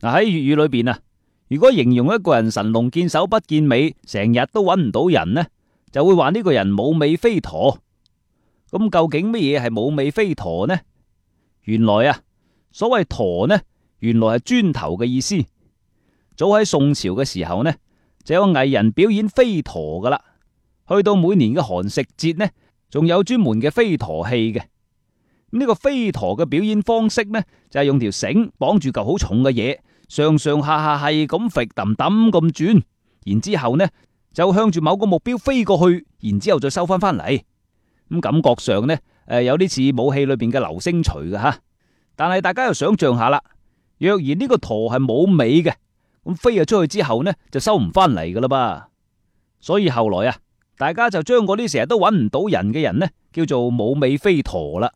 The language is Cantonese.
嗱喺粵語裏邊啊，如果形容一個人神龍見首不見尾，成日都搵唔到人呢，就會話呢個人冇尾飛堶。咁究竟乜嘢係冇尾飛堶呢？原來啊，所謂堶呢，原來係磚頭嘅意思。早喺宋朝嘅時候呢，就有藝人表演飛堶㗎喇。去到每年嘅寒食節呢，仲有專門嘅飛堶戲嘅。呢個飛堶嘅表演方式呢，就係、是、用條繩綁住嚿好重嘅嘢，上上下下係咁揈揈揈，咁轉，然之後呢就向住某個目標飛過去，然之後再收翻翻嚟。咁感覺上呢，誒有啲似武器裏邊嘅流星錘嘅吓。但係大家又想象下啦，若然呢個堶係冇尾嘅，咁飛咗出去之後呢就收唔翻嚟噶啦噃，所以後來啊，大家就將嗰啲成日都揾唔到人嘅人呢，叫做冇尾飛堶啦。